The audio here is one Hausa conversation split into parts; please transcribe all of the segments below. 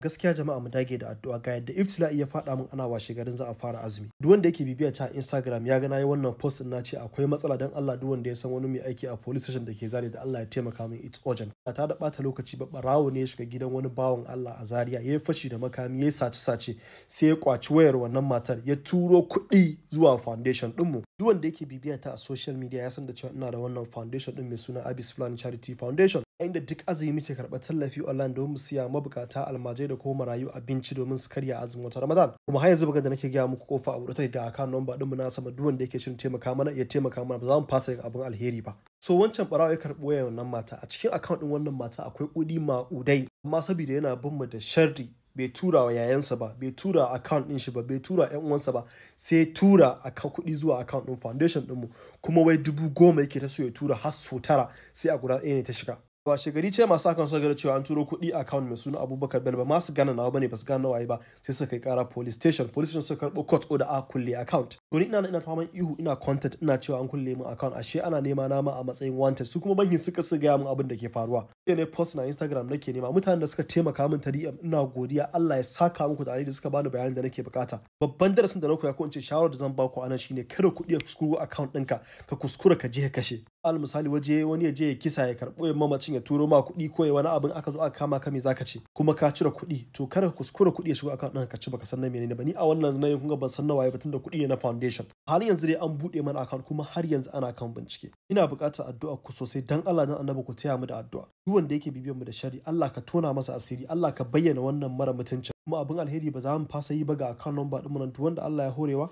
gaskiya jama'a mu dage da addu'a ga yadda iftila'i ya faɗa mun ana washe garin za a fara azumi duk wanda yake bibiya ta instagram ya ga nayi wannan post na ce akwai matsala dan Allah duk wanda ya san wani mai aiki a police station da ke zare da Allah ya taimaka min it's urgent ba ta da bata lokaci ba barawo ne ya shiga gidan wani bawan Allah a Zaria ya fashi da makami ya sace sace sai ya kwaci wayar wannan matar ya turo kuɗi zuwa foundation din mu duk wanda yake bibiya ta a social media ya san da cewa ina da wannan foundation din mai suna Abis Plan Charity Foundation A inda duk azumi muke karɓar tallafi online don mu siya mabukata almajai da kuma marayu abinci domin su karya azumin wata Ramadan. Kuma har yanzu da nake gaya muku kofa a wurin da aka nomba ɗinmu na sama duk wanda yake shirin taimaka mana ya taimaka mana ba za mu fasa yin abin alheri ba. So wancan barawa ya karɓi yayin nan mata a cikin account ɗin wannan mata akwai kuɗi ma'udai amma saboda yana bin mu da sharri bai tura wa yayansa ba bai tura account din shi ba bai tura yan uwansa ba sai tura akan kuɗi zuwa account din foundation din mu kuma wai dubu goma yake ta so ya tura har so tara sai a guda ɗaya ne ta shiga ba gari ce masu akan sun cewa an turo kuɗi a account mai suna abubakar bello masu gana nawa bane ba su gana nawa ba sai suka kai kara police station police station suka karɓo court order a kulle account to ina ina faman ihu ina content ina cewa an kulle min account ashe ana nema nama a matsayin wanted su kuma bankin suka su gaya min abin da ke faruwa sai ne post na instagram nake nema mutanen da suka taimaka min ta DM ina godiya Allah ya saka muku da da suka bani bayanin da nake bukata babban darasin da na koya ko in ce shawarar da zan ba ku anan shine kada kuɗi ya kuskuru account ɗinka ka kuskura ka je ka kashe al misali waje wani ya je ya kisa ya karɓo ya mamacin ya turo ma kuɗi ko ya wani abin aka zo aka kama ka me zaka ce kuma ka cire kuɗi to kar ka kuskure kuɗi ya shigo akan ɗan ka ci baka san na menene ba ni a wannan na kun kunga ban san na waye ba tunda kuɗi ne na foundation halin yanzu dai an buɗe mana akan kuma har yanzu ana kan bincike ina buƙatar addu'a ku sosai dan Allah dan annabi ku taya mu da addu'a duk wanda yake bibiyar mu da shari Allah ka tona masa asiri Allah ka bayyana wannan mara mutuncin kuma abin alheri ba za mu fasa yi ba ga akan number ɗin mu nan wanda Allah ya horewa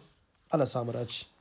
Allah samu dace